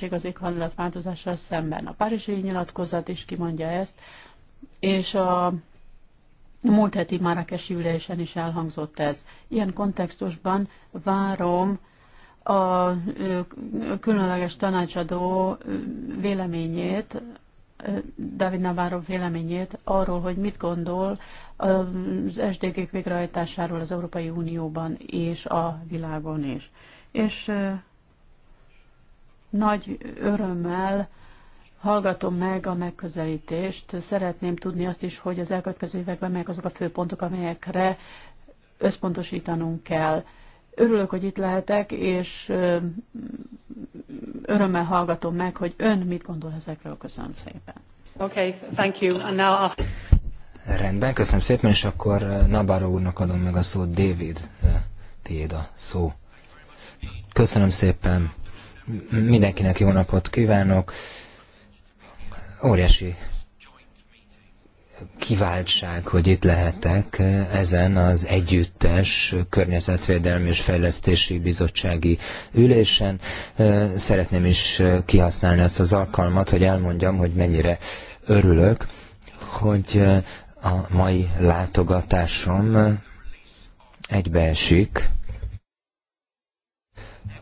szövetség az éghajlat változással szemben. A Párizsi nyilatkozat is kimondja ezt, és a múlt heti Márakesi ülésen is elhangzott ez. Ilyen kontextusban várom a különleges tanácsadó véleményét, David Navarro véleményét arról, hogy mit gondol az SDG-k végrehajtásáról az Európai Unióban és a világon is. És nagy örömmel hallgatom meg a megközelítést. Szeretném tudni azt is, hogy az elkövetkező években melyek azok a fő pontok, amelyekre összpontosítanunk kell. Örülök, hogy itt lehetek, és örömmel hallgatom meg, hogy ön mit gondol ezekről. Köszönöm szépen. Okay, thank you. And now Rendben, köszönöm szépen, és akkor Nabaró úrnak adom meg a szót. David, tiéd a szó. Köszönöm szépen. Mindenkinek jó napot kívánok. Óriási kiváltság, hogy itt lehetek ezen az együttes környezetvédelmi és fejlesztési bizottsági ülésen. Szeretném is kihasználni ezt az alkalmat, hogy elmondjam, hogy mennyire örülök, hogy a mai látogatásom egybeesik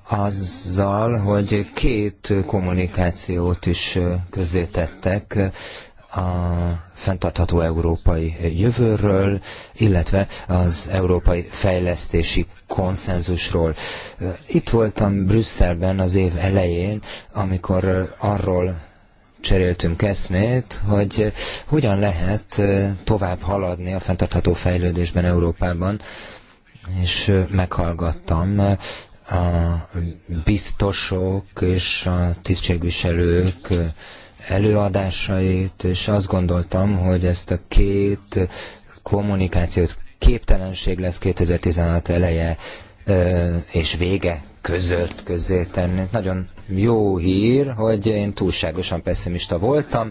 azzal, hogy két kommunikációt is közzétettek a fenntartható európai jövőről, illetve az európai fejlesztési konszenzusról. Itt voltam Brüsszelben az év elején, amikor arról cseréltünk eszmét, hogy hogyan lehet tovább haladni a fenntartható fejlődésben Európában, és meghallgattam a biztosok és a tisztségviselők előadásait, és azt gondoltam, hogy ezt a két kommunikációt képtelenség lesz 2016 eleje és vége között közé tenni. Nagyon jó hír, hogy én túlságosan pessimista voltam,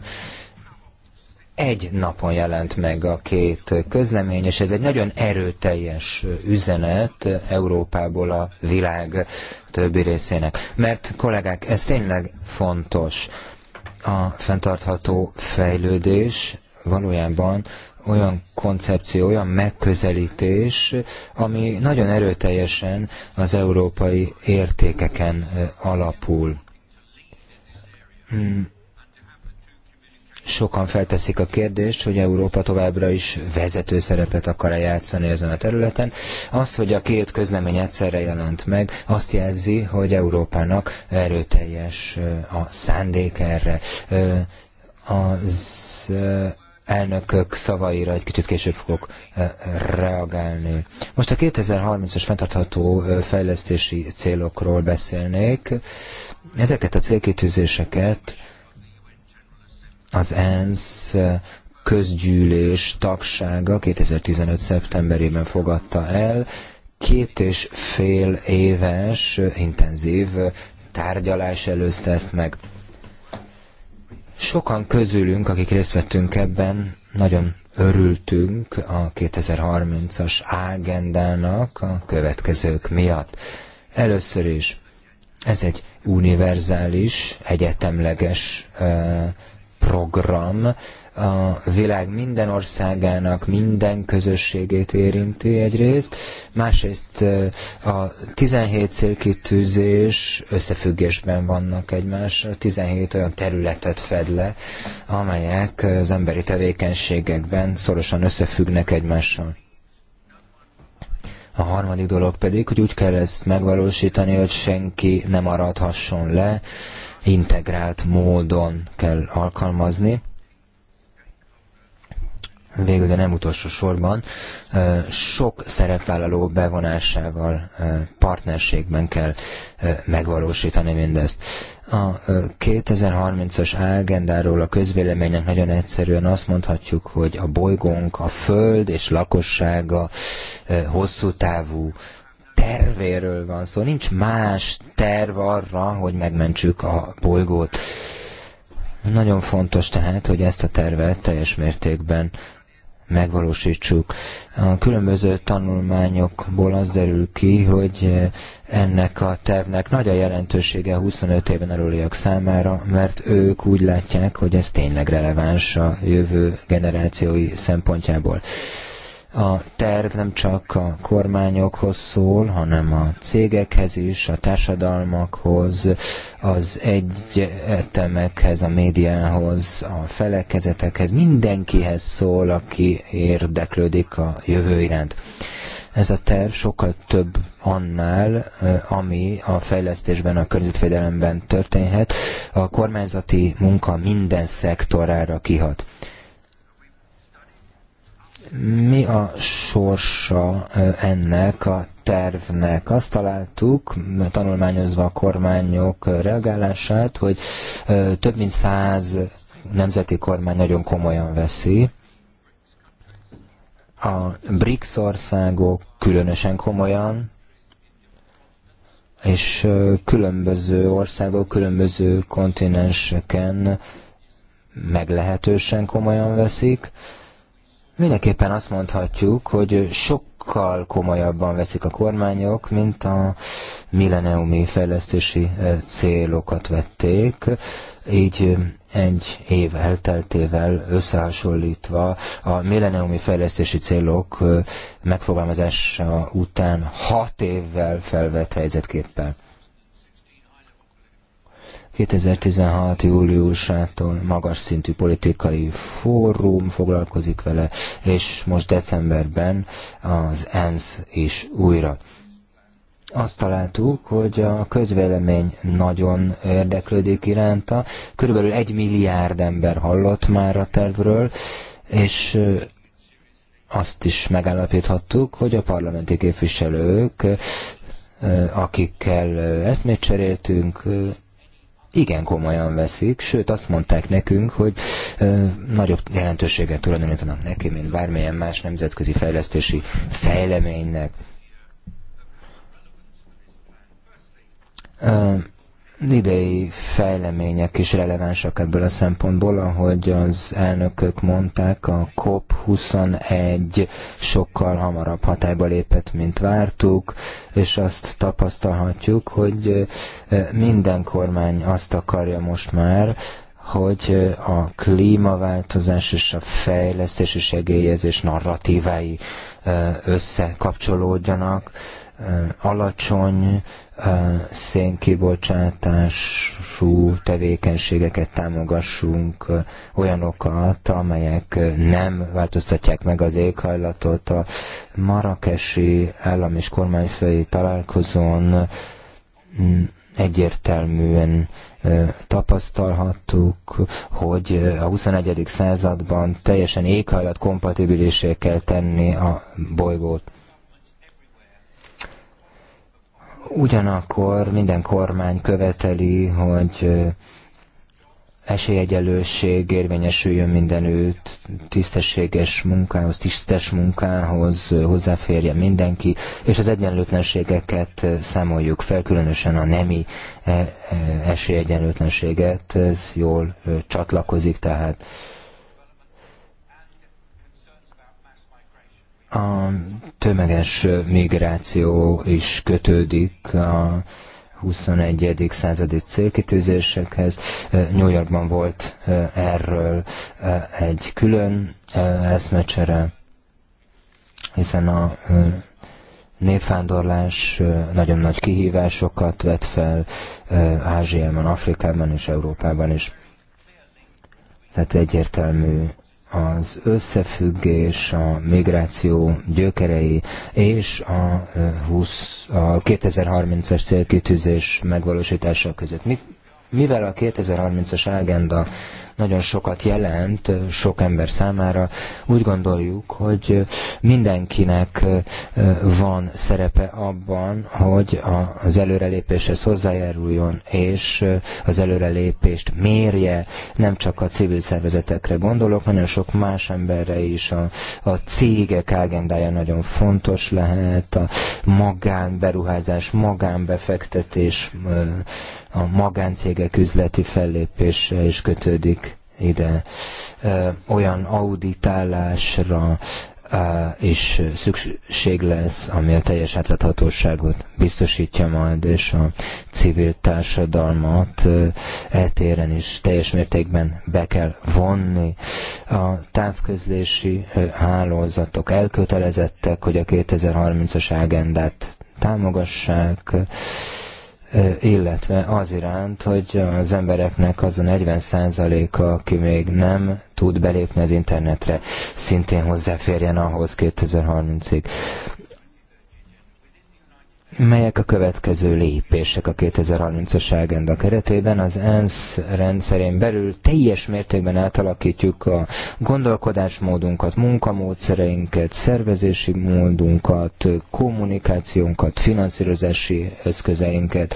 egy napon jelent meg a két közlemény, és ez egy nagyon erőteljes üzenet Európából a világ többi részének. Mert kollégák, ez tényleg fontos. A fenntartható fejlődés valójában olyan koncepció, olyan megközelítés, ami nagyon erőteljesen az európai értékeken alapul. Hmm Sokan felteszik a kérdést, hogy Európa továbbra is vezető szerepet akar -e játszani ezen a területen. Az, hogy a két közlemény egyszerre jelent meg, azt jelzi, hogy Európának erőteljes a szándék erre. Az elnökök szavaira egy kicsit később fogok reagálni. Most a 2030-as fenntartható fejlesztési célokról beszélnék. Ezeket a célkitűzéseket az ENSZ eh, közgyűlés tagsága 2015. szeptemberében fogadta el két és fél éves eh, intenzív eh, tárgyalás előzte ezt meg. Sokan közülünk, akik részt vettünk ebben, nagyon örültünk a 2030-as ágendának a következők miatt. Először is ez egy univerzális, egyetemleges program a világ minden országának, minden közösségét érinti egyrészt, másrészt a 17 célkitűzés összefüggésben vannak egymás, 17 olyan területet fed le, amelyek az emberi tevékenységekben szorosan összefüggnek egymással. A harmadik dolog pedig, hogy úgy kell ezt megvalósítani, hogy senki nem maradhasson le, integrált módon kell alkalmazni. Végül, de nem utolsó sorban, sok szerepvállaló bevonásával partnerségben kell megvalósítani mindezt. A 2030-as ágendáról a közvéleménynek nagyon egyszerűen azt mondhatjuk, hogy a bolygónk, a föld és lakossága hosszú távú tervéről van szó, nincs más terv arra, hogy megmentsük a bolygót. Nagyon fontos tehát, hogy ezt a tervet teljes mértékben megvalósítsuk. A különböző tanulmányokból az derül ki, hogy ennek a tervnek nagy a jelentősége 25 éven aluliak számára, mert ők úgy látják, hogy ez tényleg releváns a jövő generációi szempontjából. A terv nem csak a kormányokhoz szól, hanem a cégekhez is, a társadalmakhoz, az egyetemekhez, a médiához, a felekezetekhez, mindenkihez szól, aki érdeklődik a jövő iránt. Ez a terv sokkal több annál, ami a fejlesztésben, a környezetvédelemben történhet. A kormányzati munka minden szektorára kihat. Mi a sorsa ennek a tervnek. Azt találtuk, tanulmányozva a kormányok reagálását, hogy több mint száz nemzeti kormány nagyon komolyan veszi. A BRICS országok különösen komolyan, és különböző országok, különböző kontinenseken meglehetősen komolyan veszik Mindenképpen azt mondhatjuk, hogy sokkal komolyabban veszik a kormányok, mint a milleniumi fejlesztési eh, célokat vették. Így eh, egy év elteltével összehasonlítva a milleniumi fejlesztési célok eh, megfogalmazása után hat évvel felvett helyzetképpen. 2016. júliusától magas szintű politikai fórum foglalkozik vele, és most decemberben az ENSZ is újra. Azt találtuk, hogy a közvélemény nagyon érdeklődik iránta. Körülbelül egy milliárd ember hallott már a tervről, és azt is megállapíthattuk, hogy a parlamenti képviselők, akikkel eszmét cseréltünk, igen komolyan veszik, sőt azt mondták nekünk, hogy ö, nagyobb jelentőséget tulajdonítanak neki, mint bármilyen más nemzetközi fejlesztési fejleménynek. Ö, idei fejlemények is relevánsak ebből a szempontból, ahogy az elnökök mondták, a COP21 sokkal hamarabb hatályba lépett, mint vártuk, és azt tapasztalhatjuk, hogy eh, minden kormány azt akarja most már, hogy eh, a klímaváltozás és a fejlesztés és egélyezés narratívái eh, összekapcsolódjanak, alacsony szénkibocsátású tevékenységeket támogassunk, olyanokat, amelyek nem változtatják meg az éghajlatot. A marakesi állam és kormányfői találkozón egyértelműen tapasztalhattuk, hogy a 21. században teljesen éghajlat kompatibilisé kell tenni a bolygót. Ugyanakkor minden kormány követeli, hogy esélyegyelősség érvényesüljön mindenütt, tisztességes munkához, tisztes munkához hozzáférje mindenki, és az egyenlőtlenségeket számoljuk fel, különösen a nemi e, e, esélyegyenlőtlenséget, ez jól csatlakozik tehát A tömeges migráció is kötődik a 21. századi célkitűzésekhez. New Yorkban volt erről egy külön eszmecsere, hiszen a népvándorlás nagyon nagy kihívásokat vet fel Ázsiában, Afrikában és Európában is. Tehát egyértelmű az összefüggés a migráció gyökerei és a, 20, a 2030-as célkitűzés megvalósítása között. Mi, mivel a 2030-as agenda nagyon sokat jelent sok ember számára. Úgy gondoljuk, hogy mindenkinek van szerepe abban, hogy az előrelépéshez hozzájáruljon, és az előrelépést mérje, nem csak a civil szervezetekre gondolok, nagyon sok más emberre is, a, a cégek agendája nagyon fontos lehet, a magánberuházás, magánbefektetés, a magáncégek üzleti fellépése is kötődik ide olyan auditálásra és szükség lesz, ami a teljes átláthatóságot biztosítja majd, és a civil társadalmat eltéren is teljes mértékben be kell vonni. A távközlési hálózatok elkötelezettek, hogy a 2030-as ágendát támogassák, illetve az iránt, hogy az embereknek az a 40%-a, aki még nem tud belépni az internetre, szintén hozzáférjen ahhoz 2030-ig. Melyek a következő lépések a 2030-as agenda keretében? Az ENSZ rendszerén belül teljes mértékben átalakítjuk a gondolkodásmódunkat, munkamódszereinket, szervezési módunkat, kommunikációnkat, finanszírozási eszközeinket,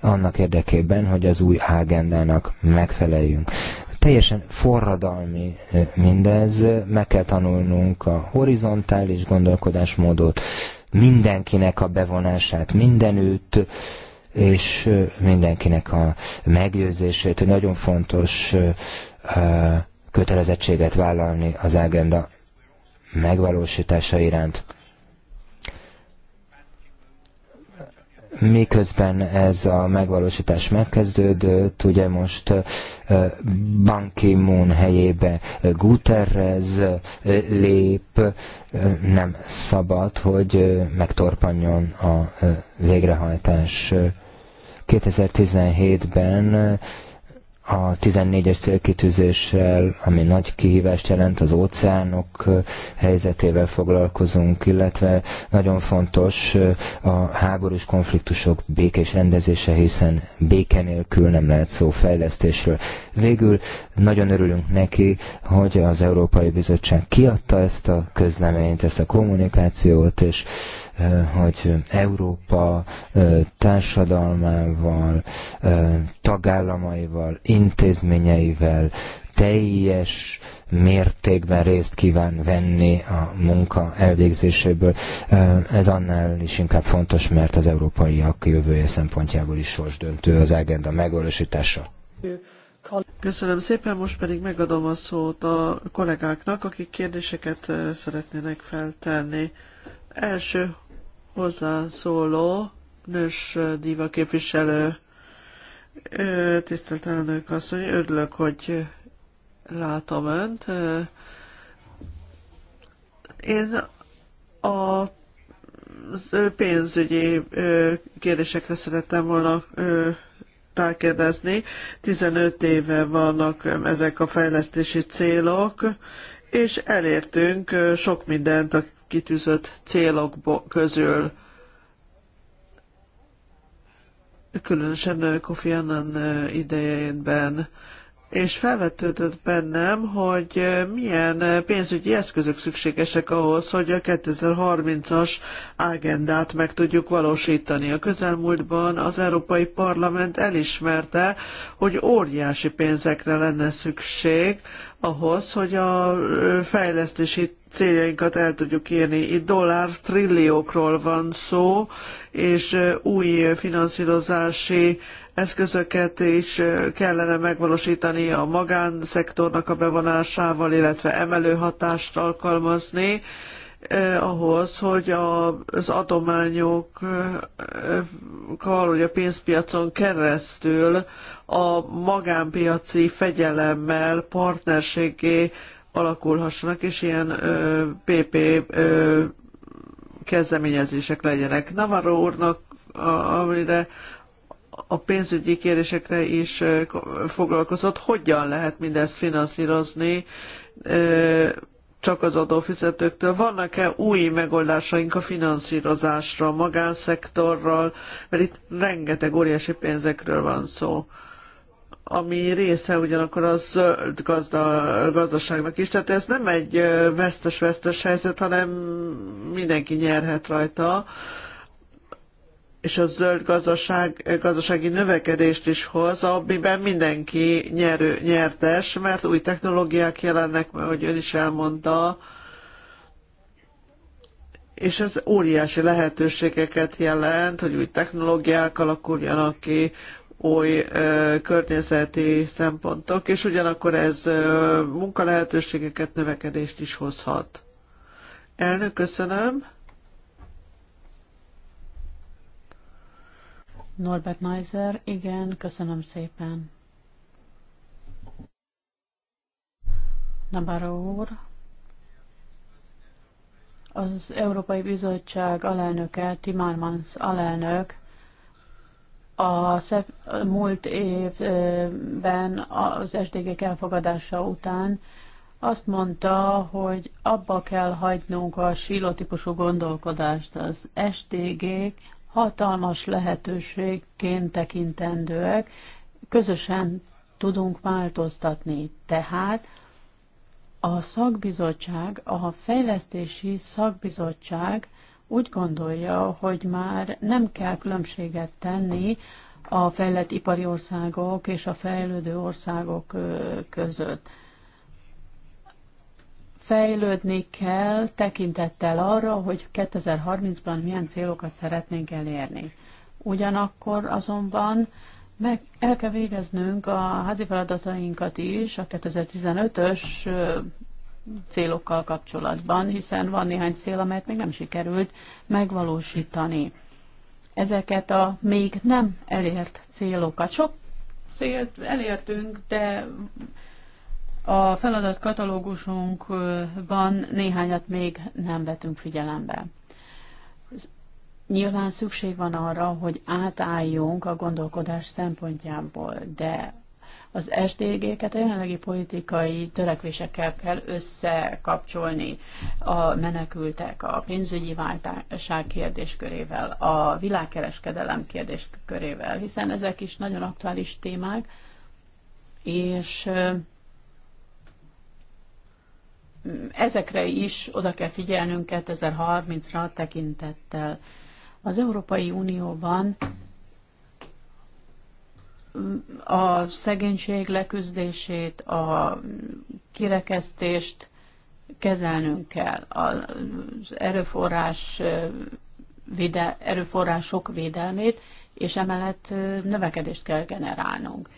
annak érdekében, hogy az új agendának megfeleljünk teljesen forradalmi eh, mindez, meg kell tanulnunk a horizontális gondolkodásmódot, mindenkinek a bevonását mindenütt, és mindenkinek a meggyőzését, hogy nagyon fontos kötelezettséget vállalni az agenda megvalósítása iránt. miközben ez a megvalósítás megkezdődött, ugye most Ban Ki-moon helyébe Guterres lép, nem szabad, hogy megtorpanjon a végrehajtás. 2017-ben a 14-es célkitűzéssel, ami nagy kihívást jelent, az óceánok helyzetével foglalkozunk, illetve nagyon fontos a háborús konfliktusok békés rendezése, hiszen béke nélkül nem lehet szó fejlesztésről. Végül nagyon örülünk neki, hogy az Európai Bizottság kiadta ezt a közleményt, ezt a kommunikációt, és hogy Európa társadalmával, tagállamaival, intézményeivel teljes mértékben részt kíván venni a munka elvégzéséből. Ez annál is inkább fontos, mert az európaiak jövője szempontjából is sorsdöntő az agenda megvalósítása. Köszönöm szépen, most pedig megadom a szót a kollégáknak, akik kérdéseket szeretnének feltenni. Első hozzászóló, nős diva képviselő. Tisztelt elnök asszony, örülök, hogy látom önt. Én a pénzügyi kérdésekre szerettem volna rákérdezni. 15 éve vannak ezek a fejlesztési célok, és elértünk sok mindent a kitűzött célok közül. különösen Kofi Annan idejében. És felvetődött bennem, hogy milyen pénzügyi eszközök szükségesek ahhoz, hogy a 2030-as agendát meg tudjuk valósítani. A közelmúltban az Európai Parlament elismerte, hogy óriási pénzekre lenne szükség ahhoz, hogy a fejlesztési céljainkat el tudjuk érni. Itt dollár trilliókról van szó, és új finanszírozási eszközöket is kellene megvalósítani a magánszektornak a bevonásával, illetve emelő hatást alkalmazni eh, ahhoz, hogy a, az adományokkal, hogy a pénzpiacon keresztül a magánpiaci fegyelemmel partnerségé alakulhassanak, és ilyen ö, PP ö, kezdeményezések legyenek. Navarro úrnak, amire a pénzügyi kérésekre is foglalkozott, hogyan lehet mindezt finanszírozni csak az adófizetőktől. Vannak-e új megoldásaink a finanszírozásra, a magánszektorral, mert itt rengeteg óriási pénzekről van szó ami része ugyanakkor a zöld gazda, gazdaságnak is. Tehát ez nem egy vesztes-vesztes helyzet, hanem mindenki nyerhet rajta és a zöld gazdaság, gazdasági növekedést is hoz, amiben mindenki nyerő, nyertes, mert új technológiák jelennek, ahogy ön is elmondta, és ez óriási lehetőségeket jelent, hogy új technológiák alakuljanak ki, új környezeti szempontok, és ugyanakkor ez ö, munkalehetőségeket, növekedést is hozhat. Elnök, köszönöm. Norbert Neiser, igen, köszönöm szépen. Nabaró úr, az Európai Bizottság alelnöke, Timmermans alelnök a múlt évben az SDG elfogadása után azt mondta, hogy abba kell hagynunk a sílotípusú gondolkodást. Az sdg hatalmas lehetőségként tekintendőek, közösen tudunk változtatni. Tehát a szakbizottság, a fejlesztési szakbizottság úgy gondolja, hogy már nem kell különbséget tenni a fejlett ipari országok és a fejlődő országok között. Fejlődni kell tekintettel arra, hogy 2030-ban milyen célokat szeretnénk elérni. Ugyanakkor azonban meg el kell végeznünk a házi feladatainkat is, a 2015-ös célokkal kapcsolatban, hiszen van néhány cél, amelyet még nem sikerült megvalósítani. Ezeket a még nem elért célokat. Sok célt elértünk, de a feladatkatalógusunkban néhányat még nem vetünk figyelembe. Nyilván szükség van arra, hogy átálljunk a gondolkodás szempontjából, de az SDG-ket a jelenlegi politikai törekvésekkel kell összekapcsolni a menekültek, a pénzügyi váltság kérdéskörével, a világkereskedelem kérdéskörével, hiszen ezek is nagyon aktuális témák, és ezekre is oda kell figyelnünk 2030-ra tekintettel. Az Európai Unióban a szegénység leküzdését, a kirekesztést kezelnünk kell. Az erőforrás védel, erőforrások védelmét, és emellett növekedést kell generálnunk.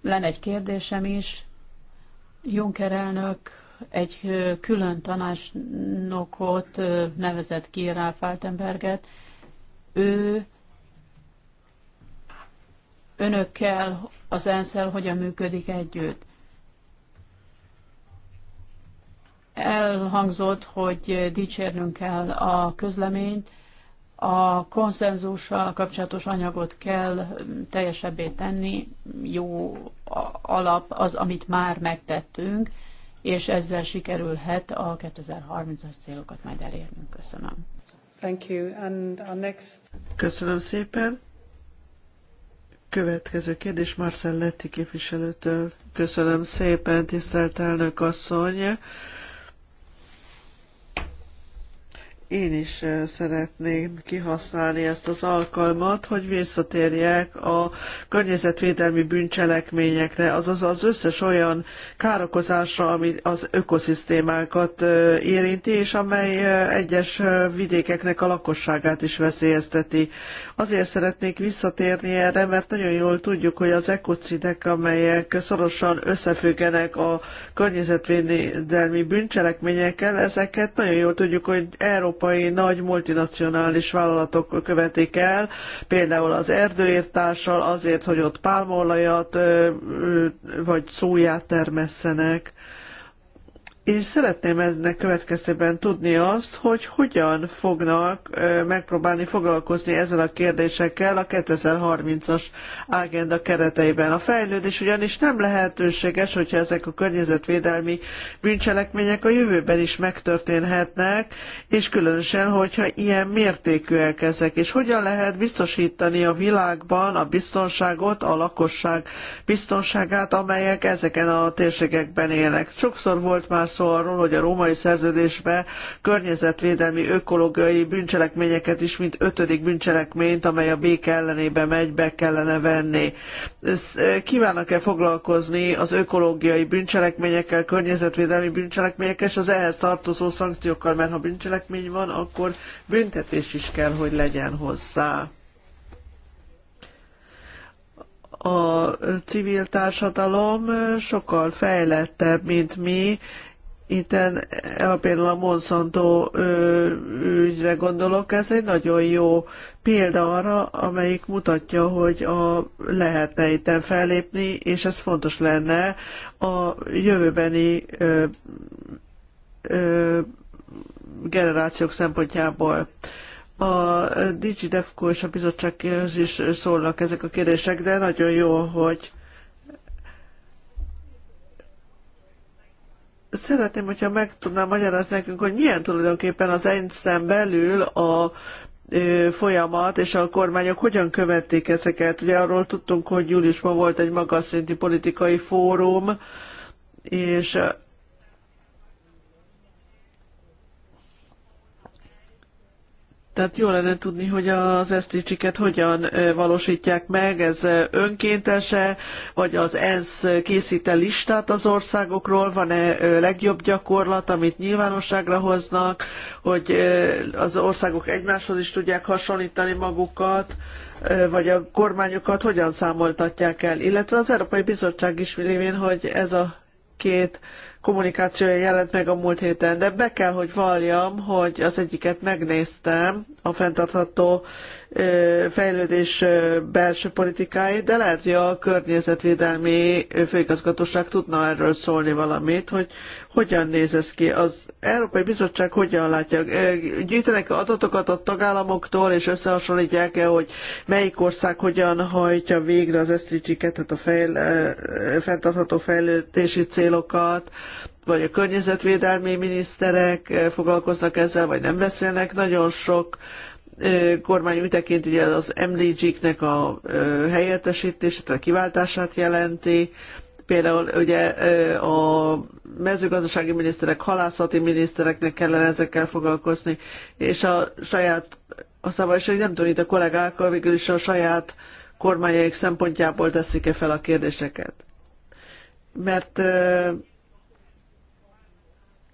Lenne egy kérdésem is. Juncker elnök egy külön tanácsnokot nevezett ki Ráfáltenberget. Ő önökkel, az ensz hogyan működik együtt. Elhangzott, hogy dicsérnünk kell a közleményt, a konszenzussal kapcsolatos anyagot kell teljesebbé tenni, jó alap az, amit már megtettünk, és ezzel sikerülhet a 2030-as célokat majd elérnünk. Köszönöm. Thank you. And our next... Köszönöm szépen. Következő kérdés Marcel Letti képviselőtől. Köszönöm szépen, tisztelt elnök asszony. Én is szeretném kihasználni ezt az alkalmat, hogy visszatérjek a környezetvédelmi bűncselekményekre, azaz az összes olyan károkozásra, ami az ökoszisztémákat érinti, és amely egyes vidékeknek a lakosságát is veszélyezteti. Azért szeretnék visszatérni erre, mert nagyon jól tudjuk, hogy az ekocidek, amelyek szorosan összefüggenek a környezetvédelmi bűncselekményekkel, ezeket nagyon jól tudjuk, hogy Európa európai nagy multinacionális vállalatok követik el, például az erdőírtással azért, hogy ott pálmaolajat vagy szóját termesszenek és szeretném eznek következtében tudni azt, hogy hogyan fognak megpróbálni foglalkozni ezzel a kérdésekkel a 2030-as ágenda kereteiben. A fejlődés ugyanis nem lehetőséges, hogyha ezek a környezetvédelmi bűncselekmények a jövőben is megtörténhetnek, és különösen, hogyha ilyen mértékűek ezek. És hogyan lehet biztosítani a világban a biztonságot, a lakosság biztonságát, amelyek ezeken a térségekben élnek. Sokszor volt már szó arról, hogy a római szerződésbe környezetvédelmi ökológiai bűncselekményeket is, mint ötödik bűncselekményt, amely a béke ellenébe megy, be kellene venni. E, kívánnak-e foglalkozni az ökológiai bűncselekményekkel, környezetvédelmi bűncselekményekkel és az ehhez tartozó szankciókkal, mert ha bűncselekmény van, akkor büntetés is kell, hogy legyen hozzá a civil társadalom sokkal fejlettebb, mint mi, Itten eh, például a Monsanto ügyre gondolok, ez egy nagyon jó példa arra, amelyik mutatja, hogy a, lehetne itten fellépni, és ez fontos lenne a jövőbeni ö, ö, generációk szempontjából. A DigiDefco és a bizottság is szólnak ezek a kérdések, de nagyon jó, hogy Szeretném, hogyha meg tudná magyarázni nekünk, hogy milyen tulajdonképpen az ENSZ-en belül a folyamat, és a kormányok hogyan követték ezeket. Ugye arról tudtunk, hogy júliusban volt egy magas szintű politikai fórum, és Tehát jó lenne tudni, hogy az SDG-ket hogyan valósítják meg, ez önkéntese, vagy az ENSZ készít el listát az országokról, van-e legjobb gyakorlat, amit nyilvánosságra hoznak, hogy az országok egymáshoz is tudják hasonlítani magukat, vagy a kormányokat hogyan számoltatják el, illetve az Európai Bizottság is lévén, hogy ez a két kommunikációja jelent meg a múlt héten, de be kell, hogy valljam, hogy az egyiket megnéztem, a fenntartható fejlődés belső politikáit, de lehet, hogy a környezetvédelmi főigazgatóság tudna erről szólni valamit, hogy hogyan néz ez ki? Az Európai Bizottság hogyan látja? Gyűjtenek adatokat a tagállamoktól, és összehasonlítják-e, hogy melyik ország hogyan hajtja végre az SDG-ket, tehát a fejl, fenntartható fejlődési célokat, vagy a környezetvédelmi miniszterek foglalkoznak ezzel, vagy nem beszélnek. Nagyon sok kormány úgy tekint, ugye az MDG-knek a helyettesítését, a kiváltását jelenti, Például ugye a mezőgazdasági miniszterek, halászati minisztereknek kellene ezekkel foglalkozni, és a saját, a hogy nem tudom, itt a kollégákkal végül is a saját kormányaik szempontjából teszik-e fel a kérdéseket. Mert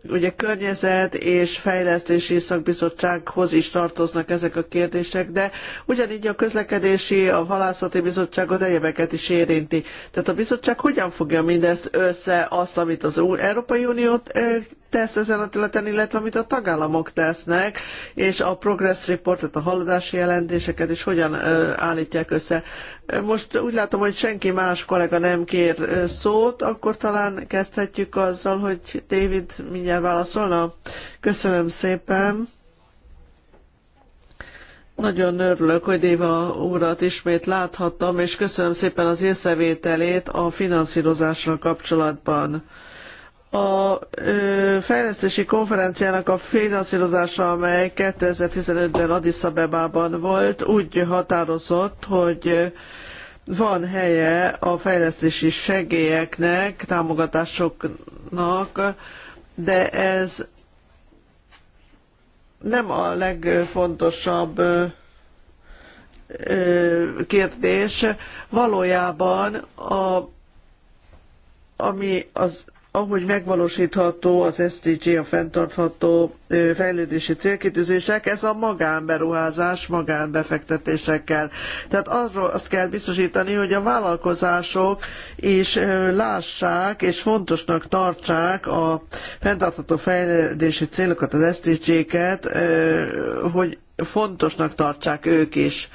Ugye környezet és fejlesztési szakbizottsághoz is tartoznak ezek a kérdések, de ugyanígy a közlekedési, a halászati bizottságot egyebeket is érinti. Tehát a bizottság hogyan fogja mindezt össze azt, amit az Európai Unió eh, tesz ezen a területen, illetve amit a tagállamok tesznek, és a progress reportot, a haladási jelentéseket, és hogyan állítják össze. Most úgy látom, hogy senki más kollega nem kér szót, akkor talán kezdhetjük azzal, hogy David mindjárt válaszolna. Köszönöm szépen. Nagyon örülök, hogy éva urat ismét láthattam, és köszönöm szépen az észrevételét a finanszírozással kapcsolatban a fejlesztési konferenciának a finanszírozása, amely 2015-ben Addis Abebában volt, úgy határozott, hogy van helye a fejlesztési segélyeknek, támogatásoknak, de ez nem a legfontosabb kérdés. Valójában a, ami az ahogy megvalósítható az SDG, a fenntartható fejlődési célkitűzések, ez a magánberuházás, magánbefektetésekkel. Tehát arról azt kell biztosítani, hogy a vállalkozások is lássák és fontosnak tartsák a fenntartható fejlődési célokat, az SDG-ket, hogy fontosnak tartsák ők is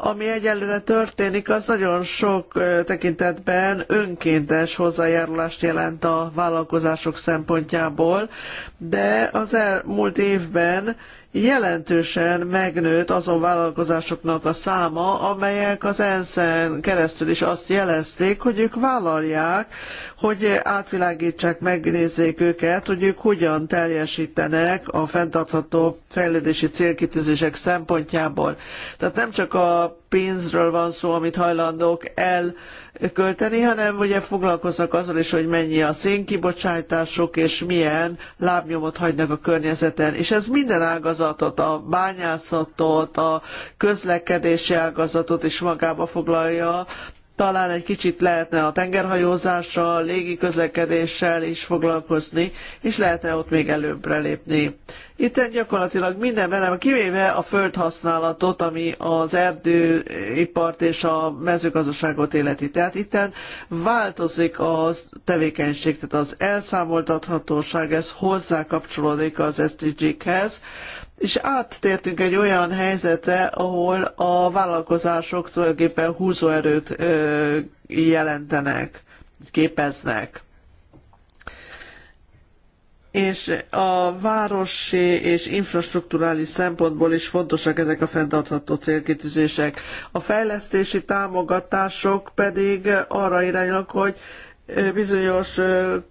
ami egyelőre történik, az nagyon sok tekintetben önkéntes hozzájárulást jelent a vállalkozások szempontjából, de az elmúlt évben jelentősen megnőtt azon vállalkozásoknak a száma, amelyek az ENSZ-en keresztül is azt jelezték, hogy ők vállalják, hogy átvilágtsák, megnézzék őket, hogy ők hogyan teljesítenek a fenntartható fejlődési célkitűzések szempontjából. Tehát nem csak a pénzről van szó, amit hajlandók elkölteni, hanem ugye foglalkoznak azzal is, hogy mennyi a szénkibocsátásuk, és milyen lábnyomot hagynak a környezeten. És ez minden ágazatot, a bányászatot, a közlekedési ágazatot is magába foglalja, talán egy kicsit lehetne a tengerhajózással, légi közlekedéssel is foglalkozni, és lehetne ott még előbbre lépni. Itt gyakorlatilag minden velem, kivéve a földhasználatot, ami az erdőipart és a mezőgazdaságot életi. Tehát itten változik a tevékenység, tehát az elszámoltathatóság, ez hozzá kapcsolódik az SDG-khez, és áttértünk egy olyan helyzetre, ahol a vállalkozások tulajdonképpen húzóerőt jelentenek, képeznek és a városi és infrastrukturális szempontból is fontosak ezek a fenntartható célkitűzések. A fejlesztési támogatások pedig arra irányulnak, hogy bizonyos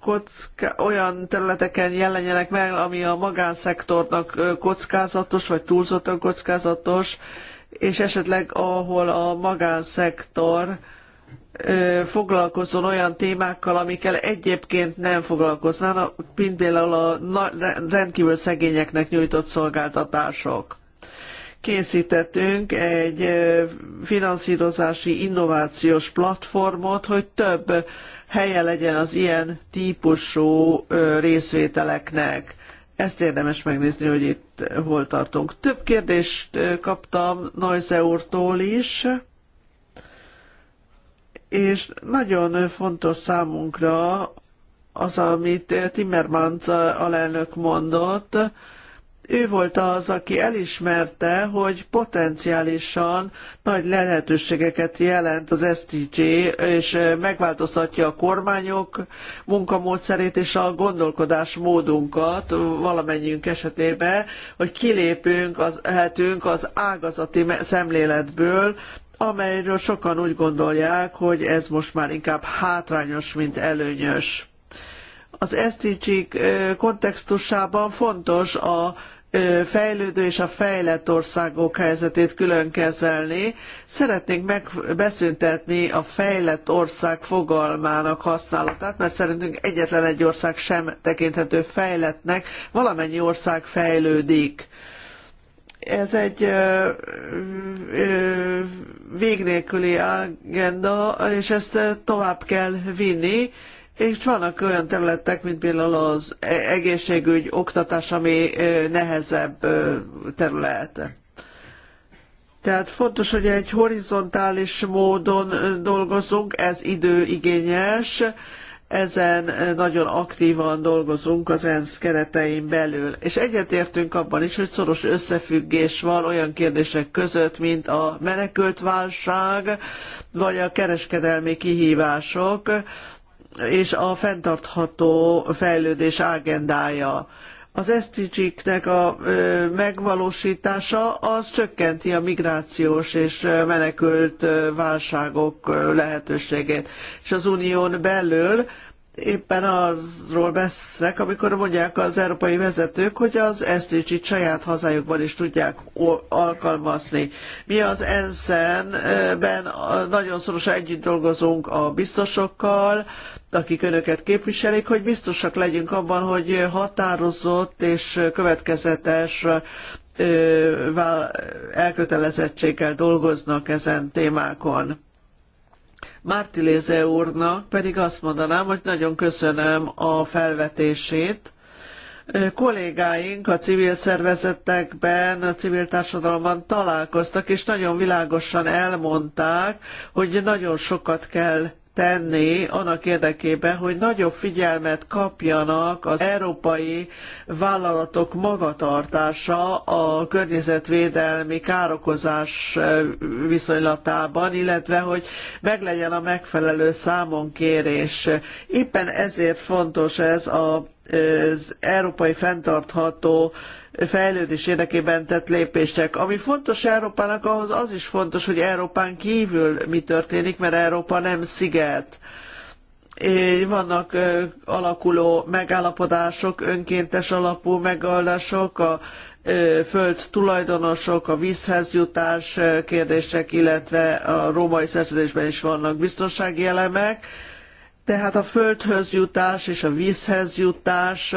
kocka, olyan területeken jelenjenek meg, ami a magánszektornak kockázatos, vagy túlzottan kockázatos, és esetleg ahol a magánszektor foglalkozzon olyan témákkal, amikkel egyébként nem foglalkoznának, mint például a rendkívül szegényeknek nyújtott szolgáltatások. Készítettünk egy finanszírozási innovációs platformot, hogy több helye legyen az ilyen típusú részvételeknek. Ezt érdemes megnézni, hogy itt hol tartunk. Több kérdést kaptam Neuse úrtól is, és nagyon fontos számunkra az, amit Timmermans alelnök mondott, ő volt az, aki elismerte, hogy potenciálisan nagy lehetőségeket jelent az SDG, és megváltoztatja a kormányok munkamódszerét és a gondolkodásmódunkat valamennyiünk esetében, hogy kilépünk az, hetünk az ágazati szemléletből, amelyről sokan úgy gondolják, hogy ez most már inkább hátrányos, mint előnyös az SDG kontextusában fontos a fejlődő és a fejlett országok helyzetét külön kezelni. Szeretnénk megbeszüntetni a fejlett ország fogalmának használatát, mert szerintünk egyetlen egy ország sem tekinthető fejlettnek, valamennyi ország fejlődik ez egy ö, ö, vég nélküli agenda, és ezt tovább kell vinni, és vannak olyan területek, mint például az e- egészségügy, oktatás, ami nehezebb terület. Tehát fontos, hogy egy horizontális módon dolgozunk, ez időigényes, ezen nagyon aktívan dolgozunk az ENSZ keretein belül. És egyetértünk abban is, hogy szoros összefüggés van olyan kérdések között, mint a menekültválság, vagy a kereskedelmi kihívások, és a fenntartható fejlődés agendája. Az SDG-knek a megvalósítása az csökkenti a migrációs és menekült válságok lehetőségét. És az unión belül éppen arról beszélek, amikor mondják az európai vezetők, hogy az SDG-t saját hazájukban is tudják alkalmazni. Mi az ENSZ-ben nagyon szorosan együtt dolgozunk a biztosokkal, akik önöket képviselik, hogy biztosak legyünk abban, hogy határozott és következetes elkötelezettséggel dolgoznak ezen témákon. Mártiléze úrnak pedig azt mondanám, hogy nagyon köszönöm a felvetését, kollégáink a civil szervezetekben, a civil társadalomban találkoztak, és nagyon világosan elmondták, hogy nagyon sokat kell tenni annak érdekében, hogy nagyobb figyelmet kapjanak az európai vállalatok magatartása a környezetvédelmi károkozás viszonylatában, illetve hogy meglegyen a megfelelő számonkérés. Éppen ezért fontos ez a az európai fenntartható fejlődés érdekében tett lépések. Ami fontos Európának, ahhoz az is fontos, hogy Európán kívül mi történik, mert Európa nem sziget vannak alakuló megállapodások, önkéntes alapú megoldások, a föld tulajdonosok, a vízhez jutás kérdések, illetve a római szerződésben is vannak biztonsági elemek, tehát a földhöz jutás és a vízhez jutás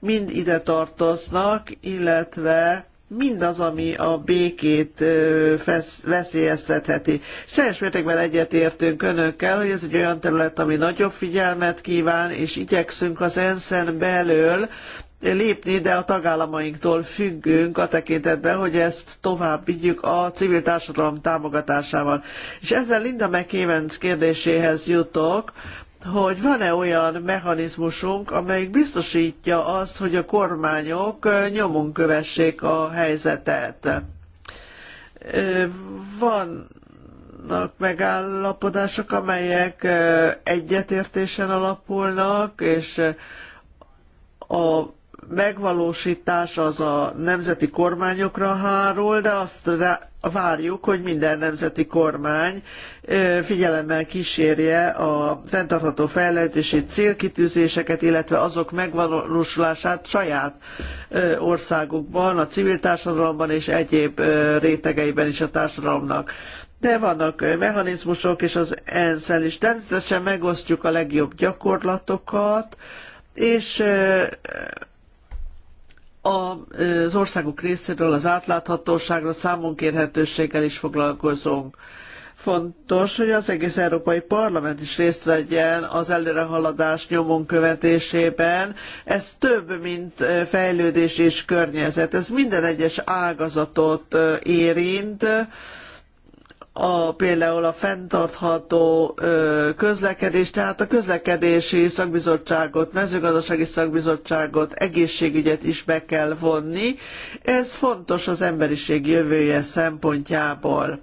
mind ide tartoznak, illetve mindaz, ami a békét veszélyeztetheti. teljes mértékben egyetértünk önökkel, hogy ez egy olyan terület, ami nagyobb figyelmet kíván, és igyekszünk az ENSZ-en belől lépni, de a tagállamainktól függünk a tekintetben, hogy ezt tovább vigyük a civil társadalom támogatásával. És ezzel Linda McEvans kérdéséhez jutok, hogy van-e olyan mechanizmusunk, amelyik biztosítja azt, hogy a kormányok nyomon kövessék a helyzetet. Vannak megállapodások, amelyek egyetértésen alapulnak, és a megvalósítás az a nemzeti kormányokra hárul, de azt várjuk, hogy minden nemzeti kormány figyelemmel kísérje a fenntartható fejlődési célkitűzéseket, illetve azok megvalósulását saját országukban, a civil társadalomban és egyéb rétegeiben is a társadalomnak. De vannak mechanizmusok, és az ENSZ-el is természetesen megosztjuk a legjobb gyakorlatokat, és az országok részéről az átláthatóságra, számonkérhetőséggel is foglalkozunk. Fontos, hogy az egész Európai Parlament is részt vegyen az előrehaladás nyomon követésében. Ez több, mint fejlődés és környezet. Ez minden egyes ágazatot érint a, például a fenntartható ö, közlekedés, tehát a közlekedési szakbizottságot, mezőgazdasági szakbizottságot, egészségügyet is be kell vonni. Ez fontos az emberiség jövője szempontjából.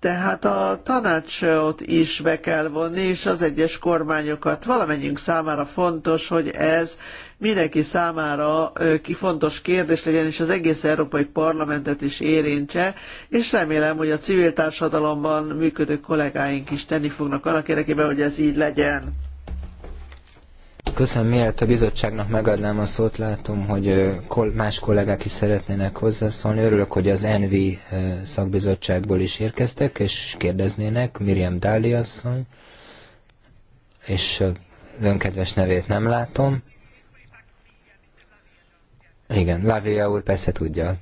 Tehát a tanácsot is be kell vonni, és az egyes kormányokat. Valamennyünk számára fontos, hogy ez mindenki számára fontos kérdés legyen, és az egész Európai Parlamentet is érintse, és remélem, hogy a civil társadalomban működő kollégáink is tenni fognak annak érdekében, hogy ez így legyen. Köszönöm, mielőtt a bizottságnak megadnám a szót, látom, hogy más kollégák is szeretnének hozzászólni. Örülök, hogy az ENVI szakbizottságból is érkeztek, és kérdeznének, Miriam Dáli asszony, és önkedves nevét nem látom. Igen, Lavia úr persze tudja.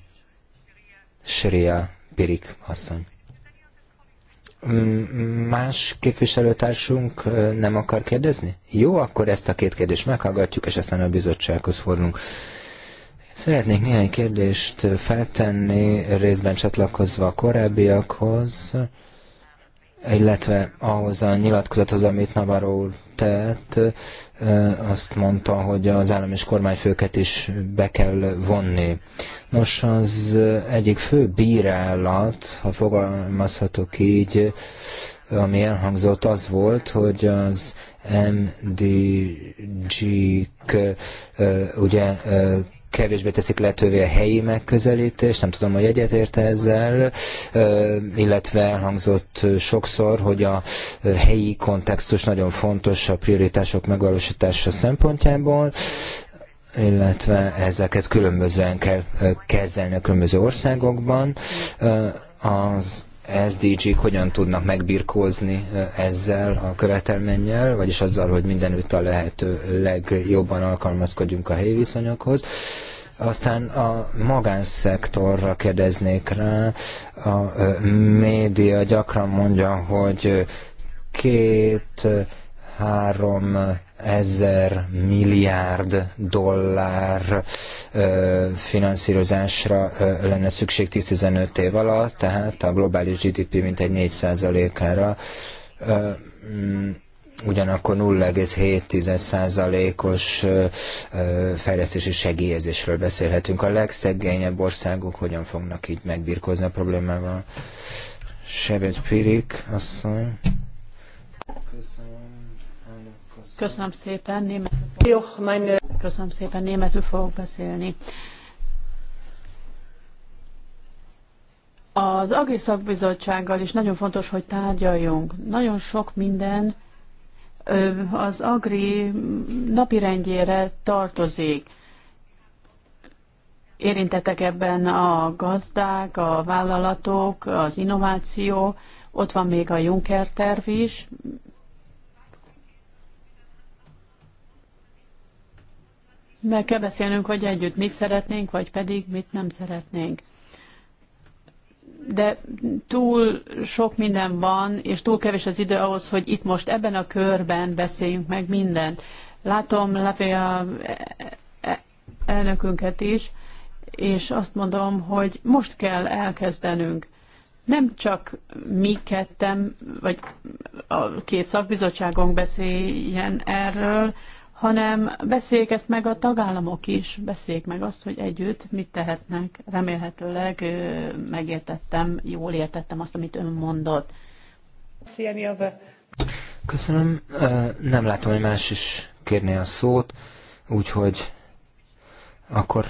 Sria Pirik asszony. Mm, más képviselőtársunk nem akar kérdezni? Jó, akkor ezt a két kérdést meghallgatjuk, és aztán a bizottsághoz fordulunk. Szeretnék néhány kérdést feltenni, részben csatlakozva a korábbiakhoz, illetve ahhoz a nyilatkozathoz, amit Navarro úr tett, azt mondta, hogy az állam és kormányfőket is be kell vonni. Nos, az egyik fő bírálat, ha fogalmazhatok így, ami elhangzott, az volt, hogy az MDG-k ugye kevésbé teszik lehetővé a helyi megközelítést, nem tudom, hogy érte ezzel, illetve elhangzott sokszor, hogy a helyi kontextus nagyon fontos a prioritások megvalósítása szempontjából, illetve ezeket különbözően kell kezelni a különböző országokban. Az SDG-k hogyan tudnak megbirkózni ezzel a követelménnyel, vagyis azzal, hogy mindenütt a lehető legjobban alkalmazkodjunk a helyi viszonyokhoz. Aztán a magánszektorra kérdeznék rá. A média gyakran mondja, hogy két három ezer milliárd dollár finanszírozásra lenne szükség 10-15 év alatt, tehát a globális GDP mintegy 4 százalékára. Mm, ugyanakkor 0,7%-os fejlesztési segélyezésről beszélhetünk. A legszegényebb országok hogyan fognak így megbirkózni a problémával? Sebet Pirik, mondja. Köszönöm szépen, németül fogok, Köszönöm szépen, németül fogok beszélni. Az Agri Szakbizottsággal is nagyon fontos, hogy tárgyaljunk. Nagyon sok minden az Agri napirendjére tartozik. Érintettek ebben a gazdák, a vállalatok, az innováció, ott van még a Juncker terv is, Meg kell beszélnünk, hogy együtt mit szeretnénk, vagy pedig mit nem szeretnénk. De túl sok minden van, és túl kevés az idő ahhoz, hogy itt most ebben a körben beszéljünk meg mindent. Látom Lafia elnökünket is, és azt mondom, hogy most kell elkezdenünk nem csak mi kettem, vagy a két szakbizottságunk beszéljen erről, hanem beszéljék ezt meg a tagállamok is, beszéljék meg azt, hogy együtt mit tehetnek. Remélhetőleg megértettem, jól értettem azt, amit ön mondott. Köszönöm. Nem látom, hogy más is kérné a szót, úgyhogy akkor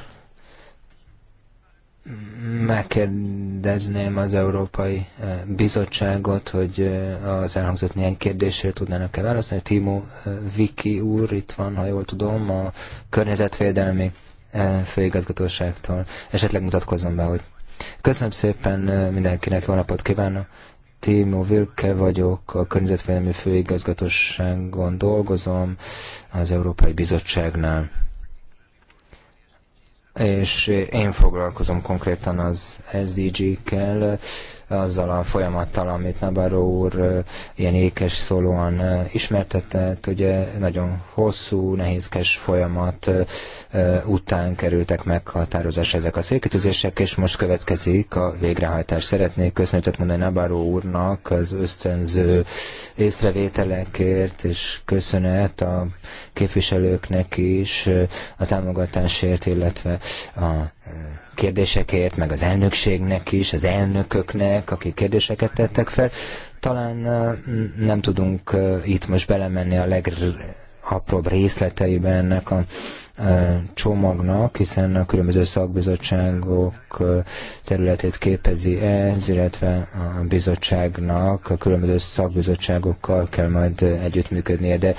megkérdezném az Európai eh, Bizottságot, hogy eh, az elhangzott néhány kérdésre tudnának-e válaszolni. Timo eh, Viki úr itt van, ha jól tudom, a környezetvédelmi főigazgatóságtól. Esetleg mutatkozzon be, hogy köszönöm szépen mindenkinek, jó napot kívánok! Timo Vilke vagyok, a Környezetvédelmi Főigazgatóságon dolgozom, az Európai Bizottságnál és én foglalkozom konkrétan az SDG-kkel, azzal a folyamattal, amit Nabarro úr ilyen ékes szólóan ismertetett, ugye nagyon hosszú, nehézkes folyamat után kerültek meghatározás ezek a célkötözések, és most következik a végrehajtás. Szeretnék köszönetet mondani Nabarro úrnak az ösztönző észrevételekért, és köszönet a képviselőknek is a támogatásért, illetve a kérdésekért, meg az elnökségnek is, az elnököknek, akik kérdéseket tettek fel. Talán nem tudunk itt most belemenni a legapróbb részleteiben ennek a csomagnak, hiszen a különböző szakbizottságok területét képezi ez, illetve a bizottságnak a különböző szakbizottságokkal kell majd együttműködnie, de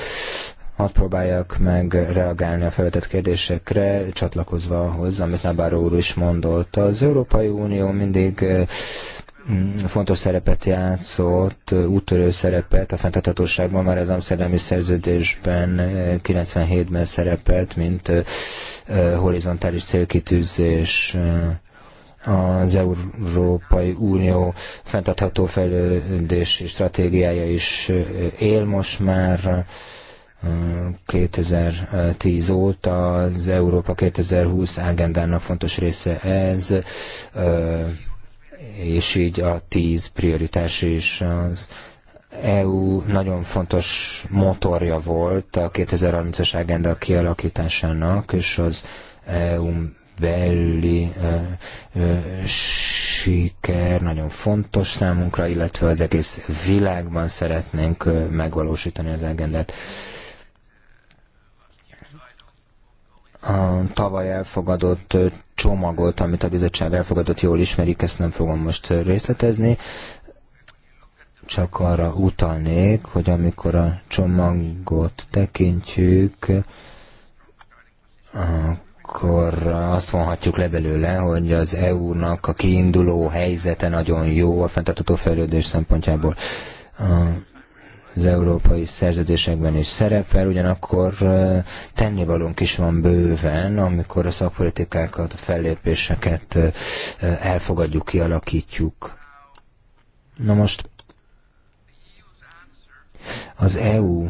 hadd próbáljak meg reagálni a felvetett kérdésekre, csatlakozva ahhoz, amit Nabáró úr is mondott. Az Európai Unió mindig eh, mm, fontos szerepet játszott, úttörő szerepet a fenntarthatóságban, már az Amsterdami szerződésben 97-ben eh, szerepelt, mint eh, horizontális célkitűzés az Európai Unió fenntartható fejlődési stratégiája is él most már, 2010 óta az Európa 2020 agendának fontos része ez, és így a 10 prioritás is az EU nagyon fontos motorja volt a 2030-as agenda kialakításának, és az eu belüli ö, ö, siker nagyon fontos számunkra, illetve az egész világban szeretnénk ö, megvalósítani az agendát. Ö, a tavaly elfogadott csomagot, amit a bizottság elfogadott, jól ismerik, ezt nem fogom most részletezni. Csak arra utalnék, hogy amikor a csomagot tekintjük, akkor azt vonhatjuk le belőle, hogy az EU-nak a kiinduló helyzete nagyon jó a fenntartató fejlődés szempontjából az európai szerződésekben is szerepel, ugyanakkor tennivalónk is van bőven, amikor a szakpolitikákat, a fellépéseket elfogadjuk, kialakítjuk. Na most az EU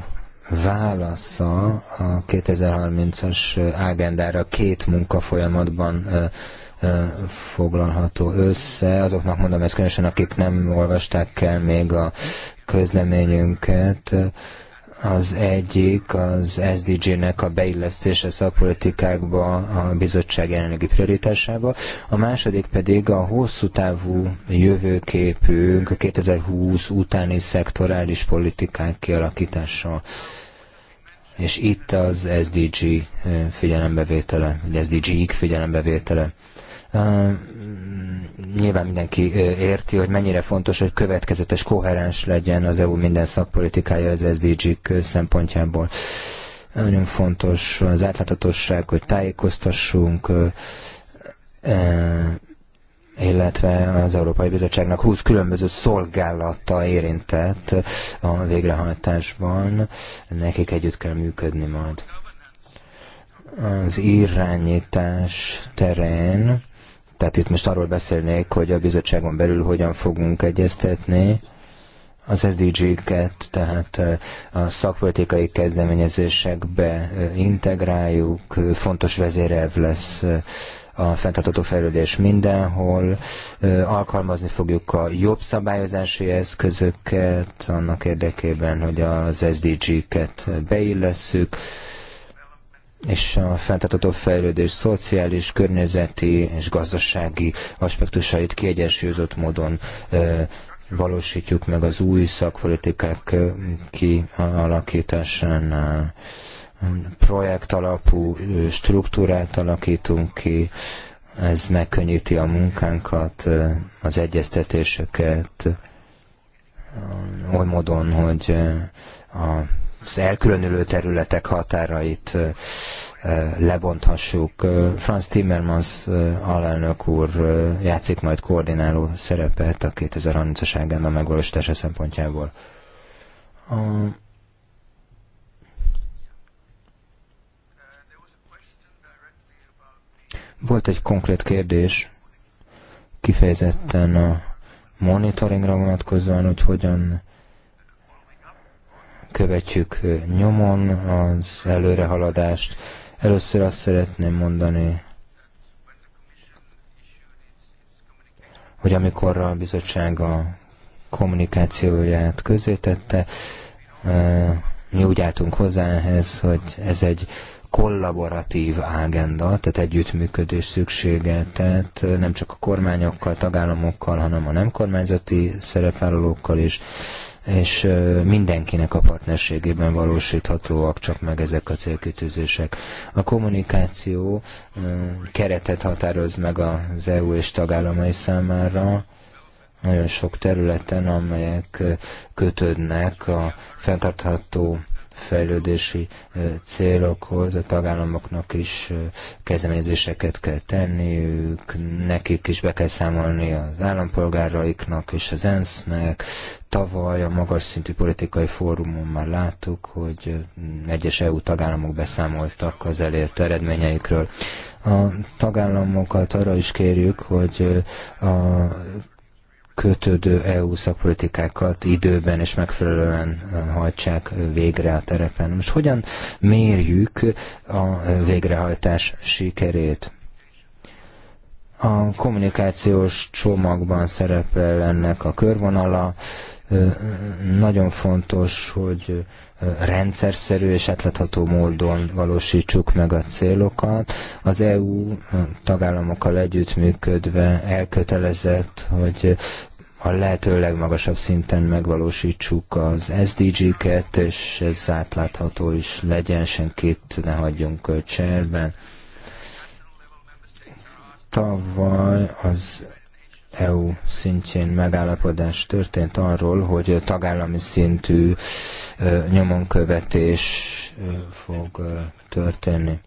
válasza a 2030-as ágendára két munkafolyamatban folyamatban foglalható össze. Azoknak mondom ezt különösen, akik nem olvasták el még a közleményünket. Az egyik az SDG-nek a beillesztése szakpolitikákba, a bizottság jelenlegi prioritásába, a második pedig a hosszú távú jövőképünk a 2020 utáni szektorális politikák kialakítása. És itt az SDG figyelembevétele, az sdg ig figyelembevétele. Nyilván mindenki érti, hogy mennyire fontos, hogy következetes, koherens legyen az EU minden szakpolitikája az SDG-k szempontjából. Nagyon fontos az átláthatóság, hogy tájékoztassunk, illetve az Európai Bizottságnak 20 különböző szolgálata érintett a végrehajtásban, nekik együtt kell működni majd. Az irányítás terén tehát itt most arról beszélnék, hogy a bizottságon belül hogyan fogunk egyeztetni az SDG-ket, tehát eh, a szakpolitikai kezdeményezésekbe eh, integráljuk, fontos vezérelv lesz eh, a fenntartható fejlődés mindenhol, alkalmazni fogjuk a jobb szabályozási eszközöket annak érdekében, hogy az SDG-ket beillesszük, és a fenntartható fejlődés szociális, környezeti és gazdasági aspektusait kiegyensúlyozott módon valósítjuk meg az új szakpolitikák kialakításán. Projekt alapú struktúrát alakítunk ki, ez megkönnyíti a munkánkat, az egyeztetéseket, oly módon, hogy a az elkülönülő területek határait lebonthassuk. Franz Timmermans alelnök úr játszik majd koordináló szerepet a 2030-as agenda megvalósítása szempontjából. A... Volt egy konkrét kérdés, kifejezetten a monitoringra vonatkozóan, hogy hogyan követjük nyomon az előrehaladást. Először azt szeretném mondani, hogy amikor a bizottság a kommunikációját közzétette, mi úgy álltunk hozzá ehhez, hogy ez egy kollaboratív ágenda, tehát együttműködés szüksége, tehát nem csak a kormányokkal, tagállamokkal, hanem a nem kormányzati szerepvállalókkal is, és mindenkinek a partnerségében valósíthatóak csak meg ezek a célkütőzések. A kommunikáció keretet határoz meg az EU és tagállamai számára, nagyon sok területen, amelyek kötődnek a fenntartható fejlődési célokhoz a tagállamoknak is kezdeményezéseket kell tenniük, nekik is be kell számolni az állampolgáraiknak és az ENSZ-nek. Tavaly a magas szintű politikai fórumon már láttuk, hogy egyes EU tagállamok beszámoltak az elért eredményeikről. A tagállamokat arra is kérjük, hogy a kötődő EU szakpolitikákat időben és megfelelően hajtsák végre a terepen. Most hogyan mérjük a végrehajtás sikerét? A kommunikációs csomagban szerepel ennek a körvonala, nagyon fontos, hogy rendszerszerű és átlátható módon valósítsuk meg a célokat. Az EU tagállamokkal együttműködve elkötelezett, hogy a lehető legmagasabb szinten megvalósítsuk az SDG-ket, és ez átlátható is legyen, senkit ne hagyjunk cserben. Tavaly az EU szintjén megállapodás történt arról, hogy tagállami szintű nyomonkövetés fog történni.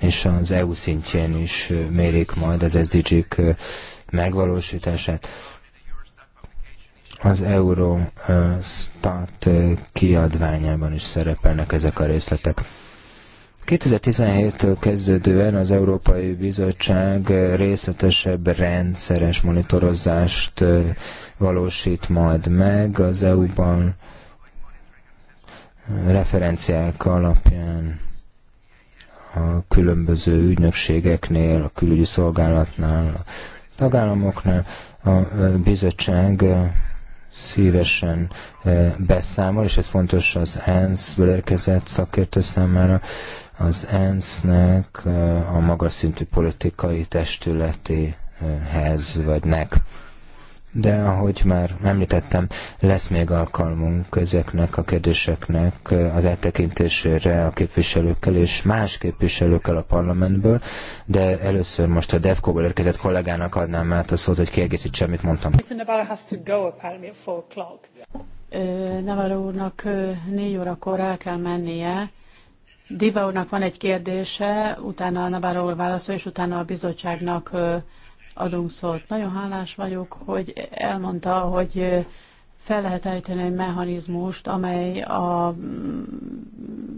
És az EU szintjén is mérik majd az SDG-k megvalósítását. Az Eurostat kiadványában is szerepelnek ezek a részletek. 2017-től kezdődően az Európai Bizottság részletesebb rendszeres monitorozást valósít majd meg az EU-ban referenciák alapján a különböző ügynökségeknél, a külügyi szolgálatnál, a tagállamoknál. A bizottság szívesen e, beszámol, és ez fontos az ENSZ-ből érkezett szakértő számára, az ENSZ-nek e, a magas szintű politikai testületéhez, vagy nek de ahogy már említettem, lesz még alkalmunk ezeknek a kérdéseknek az eltekintésére a képviselőkkel és más képviselőkkel a parlamentből, de először most a DEFCO-ból érkezett kollégának adnám át a szót, hogy kiegészítse, amit mondtam. Navarro úrnak négy órakor el kell mennie. Diva úrnak van egy kérdése, utána Navarro úr válaszol, és utána a bizottságnak adunk szót. Nagyon hálás vagyok, hogy elmondta, hogy fel lehet ejteni egy mechanizmust, amely a,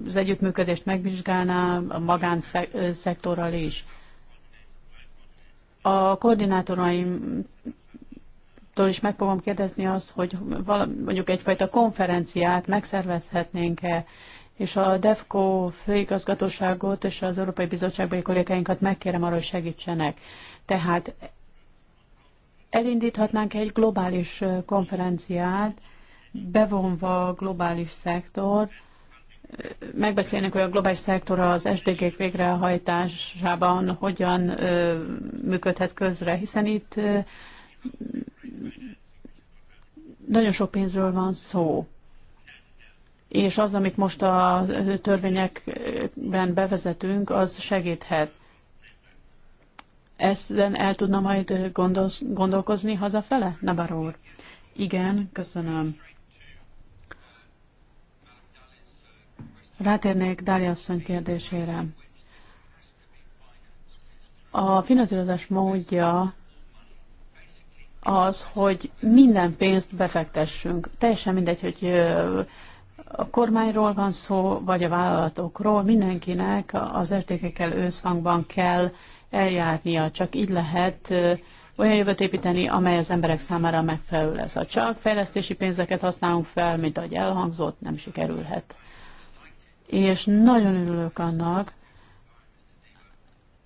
az együttműködést megvizsgálná a magánszektorral is. A koordinátoraimtól is meg fogom kérdezni azt, hogy mondjuk egyfajta konferenciát megszervezhetnénk-e, és a DEFCO főigazgatóságot és az Európai Bizottságbeli kollégáinkat megkérem arra, hogy segítsenek. Tehát elindíthatnánk egy globális konferenciát, bevonva a globális szektor, megbeszélnek, hogy a globális szektor az SDG-k végrehajtásában hogyan ö, működhet közre, hiszen itt ö, nagyon sok pénzről van szó. És az, amit most a törvényekben bevezetünk, az segíthet. Ezen el tudna majd gondol, gondolkozni hazafele, Navarro úr? Igen, köszönöm. Rátérnék Dália asszony kérdésére. A finanszírozás módja az, hogy minden pénzt befektessünk. Teljesen mindegy, hogy a kormányról van szó, vagy a vállalatokról, mindenkinek az értékekkel összhangban kell eljárnia. Csak így lehet olyan jövőt építeni, amely az emberek számára megfelelő lesz. Ha csak fejlesztési pénzeket használunk fel, mint ahogy elhangzott, nem sikerülhet. És nagyon örülök annak,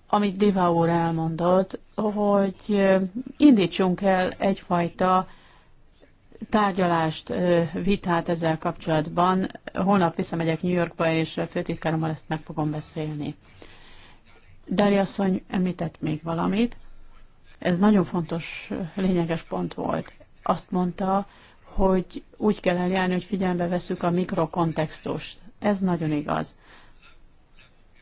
amit Diva úr elmondott, hogy indítsunk el egyfajta tárgyalást, vitát ezzel kapcsolatban. Holnap visszamegyek New Yorkba, és főtitkárommal ezt meg fogom beszélni. Dali asszony említett még valamit, ez nagyon fontos, lényeges pont volt. Azt mondta, hogy úgy kell eljárni, hogy figyelembe veszük a mikrokontextust. Ez nagyon igaz.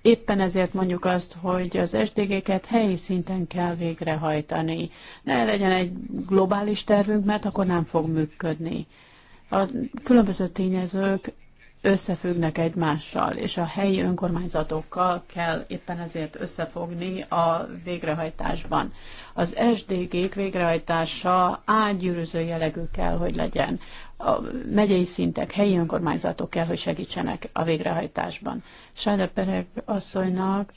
Éppen ezért mondjuk azt, hogy az SDG-ket helyi szinten kell végrehajtani. Ne legyen egy globális tervünk, mert akkor nem fog működni. A különböző tényezők összefüggnek egymással, és a helyi önkormányzatokkal kell éppen ezért összefogni a végrehajtásban. Az SDG-k végrehajtása ágyűrűző jellegű kell, hogy legyen. A megyei szintek, helyi önkormányzatok kell, hogy segítsenek a végrehajtásban. Sájda Pereg asszonynak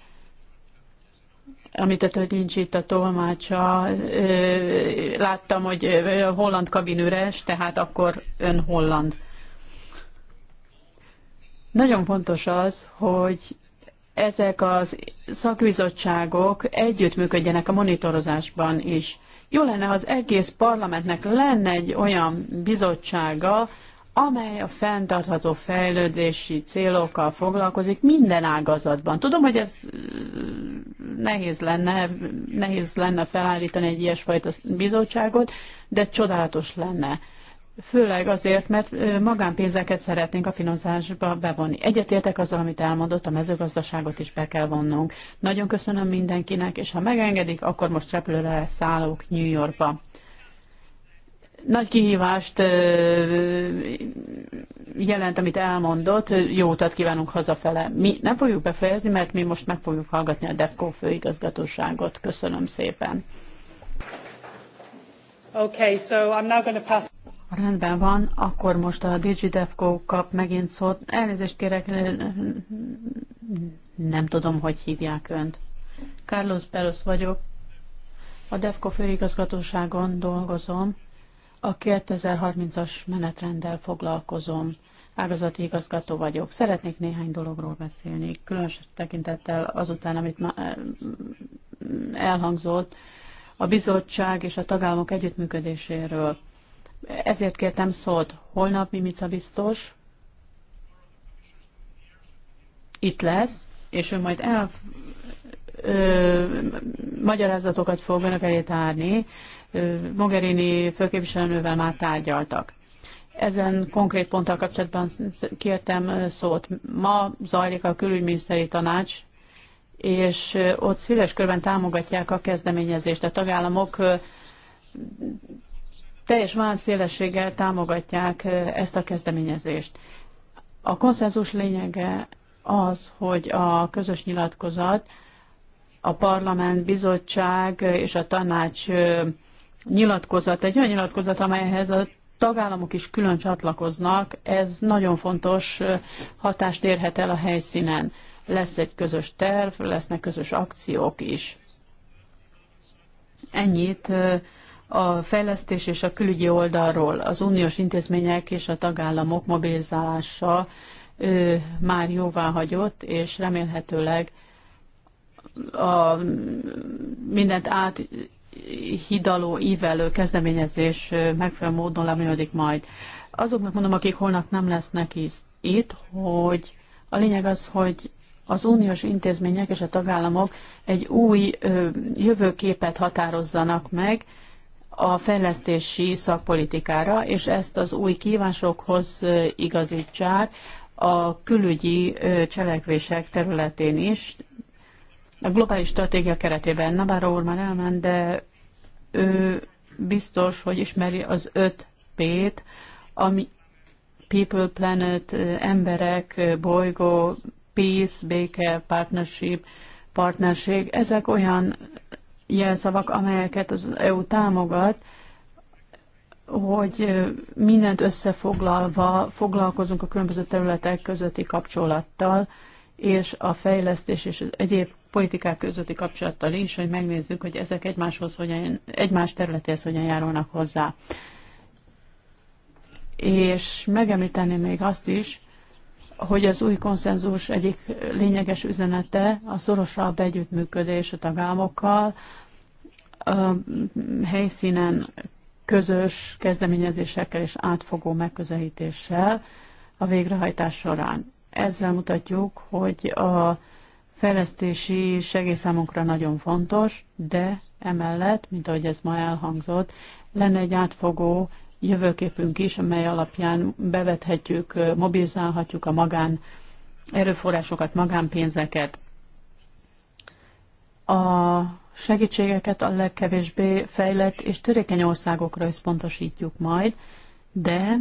említett, hogy nincs itt a tolmácsa. Láttam, hogy holland kabin üres, tehát akkor ön holland. Nagyon fontos az, hogy ezek az szakbizottságok együttműködjenek a monitorozásban is. Jó lenne, ha az egész parlamentnek lenne egy olyan bizottsága, amely a fenntartható fejlődési célokkal foglalkozik minden ágazatban. Tudom, hogy ez nehéz lenne, nehéz lenne felállítani egy ilyesfajta bizottságot, de csodálatos lenne főleg azért, mert magánpénzeket szeretnénk a finanszírozásba bevonni. Egyetértek azzal, amit elmondott, a mezőgazdaságot is be kell vonnunk. Nagyon köszönöm mindenkinek, és ha megengedik, akkor most repülőre szállok New Yorkba. Nagy kihívást jelent, amit elmondott, jó utat kívánunk hazafele. Mi nem fogjuk befejezni, mert mi most meg fogjuk hallgatni a DEFCO főigazgatóságot. Köszönöm szépen. Okay, so I'm now going to pass Rendben van, akkor most a DigiDevCo kap megint szót. Elnézést kérek, nem tudom, hogy hívják önt. Carlos Pelos vagyok. A DevCo főigazgatóságon dolgozom. A 2030-as menetrenddel foglalkozom. Ágazati igazgató vagyok. Szeretnék néhány dologról beszélni, különös tekintettel azután, amit ma elhangzott, a bizottság és a tagállamok együttműködéséről. Ezért kértem szót. Holnap Mimica biztos itt lesz, és ő majd el ö, magyarázatokat fog önök elé tárni. Mogherini főképviselőnővel már tárgyaltak. Ezen konkrét ponttal kapcsolatban kértem szót. Ma zajlik a külügyminiszteri tanács, és ott széles körben támogatják a kezdeményezést. A tagállamok teljes válszélességgel támogatják ezt a kezdeményezést. A konszenzus lényege az, hogy a közös nyilatkozat a parlament, bizottság és a tanács nyilatkozat, egy olyan nyilatkozat, amelyhez a tagállamok is külön csatlakoznak, ez nagyon fontos hatást érhet el a helyszínen. Lesz egy közös terv, lesznek közös akciók is. Ennyit a fejlesztés és a külügyi oldalról az uniós intézmények és a tagállamok mobilizálása ő, már jóvá hagyott, és remélhetőleg a mindent áthidaló, ívelő kezdeményezés megfelelő módon lebonyolódik majd. Azoknak mondom, akik holnap nem lesznek itt, hogy a lényeg az, hogy az uniós intézmények és a tagállamok egy új jövőképet határozzanak meg, a fejlesztési szakpolitikára, és ezt az új kívásokhoz igazítsák a külügyi cselekvések területén is. A globális stratégia keretében Navarro úr már elment, de ő biztos, hogy ismeri az 5 P-t, ami People, Planet, emberek, bolygó, peace, béke, partnership, partnerség. Ezek olyan jelszavak, amelyeket az EU támogat, hogy mindent összefoglalva foglalkozunk a különböző területek közötti kapcsolattal, és a fejlesztés és az egyéb politikák közötti kapcsolattal is, hogy megnézzük, hogy ezek egymáshoz hogyan, egymás területéhez hogyan járulnak hozzá. És megemlíteném még azt is, hogy az új konszenzus egyik lényeges üzenete a szorosabb együttműködés a tagállamokkal, a helyszínen közös kezdeményezésekkel és átfogó megközelítéssel a végrehajtás során. Ezzel mutatjuk, hogy a fejlesztési segély számunkra nagyon fontos, de emellett, mint ahogy ez ma elhangzott, lenne egy átfogó jövőképünk is, amely alapján bevethetjük, mobilizálhatjuk a magán erőforrásokat, magánpénzeket. A segítségeket a legkevésbé fejlett és törékeny országokra összpontosítjuk majd, de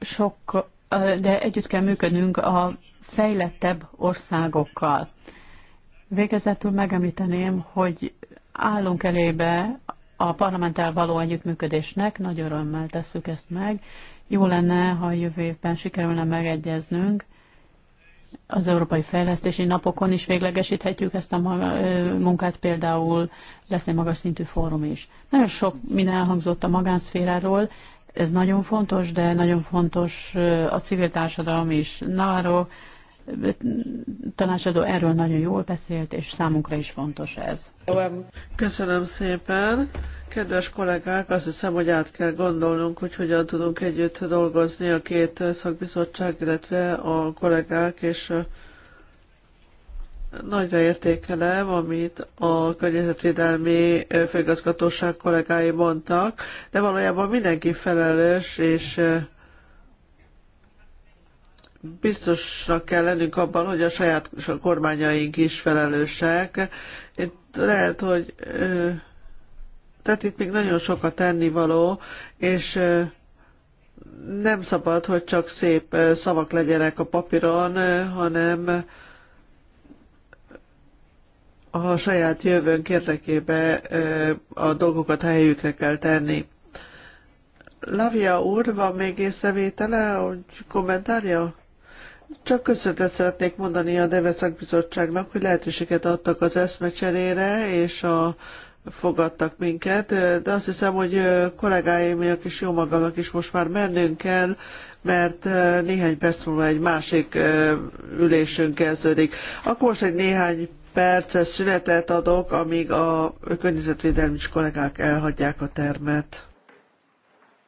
sok, de együtt kell működnünk a fejlettebb országokkal. Végezetül megemlíteném, hogy állunk elébe a parlamenttel való együttműködésnek, nagy örömmel tesszük ezt meg. Jó lenne, ha a jövő évben sikerülne megegyeznünk, az Európai Fejlesztési Napokon is véglegesíthetjük ezt a munkát, például lesz egy magas szintű fórum is. Nagyon sok minden elhangzott a magánszféráról, ez nagyon fontos, de nagyon fontos a civil társadalom is. Navarro tanácsadó erről nagyon jól beszélt, és számunkra is fontos ez. Köszönöm szépen. Kedves kollégák, azt hiszem, hogy át kell gondolnunk, hogy hogyan tudunk együtt dolgozni a két szakbizottság, illetve a kollégák, és nagyra értékelem, amit a környezetvédelmi főgazgatóság kollégái mondtak, de valójában mindenki felelős, és biztosnak kell lennünk abban, hogy a saját kormányaink is felelősek. Itt lehet, hogy tehát itt még nagyon sok a tennivaló, és nem szabad, hogy csak szép szavak legyenek a papíron, hanem a saját jövőnk érdekébe a dolgokat helyükre kell tenni. Lavia úr, van még észrevétele, hogy kommentárja? Csak köszöntet szeretnék mondani a Deveszak Bizottságnak, hogy lehetőséget adtak az eszmecserére, és a, fogadtak minket, de azt hiszem, hogy kollégáimnak és jó magamnak is most már mennünk kell, mert néhány perc múlva egy másik ülésünk kezdődik. Akkor most egy néhány perces szünetet adok, amíg a környezetvédelmi kollégák elhagyják a termet.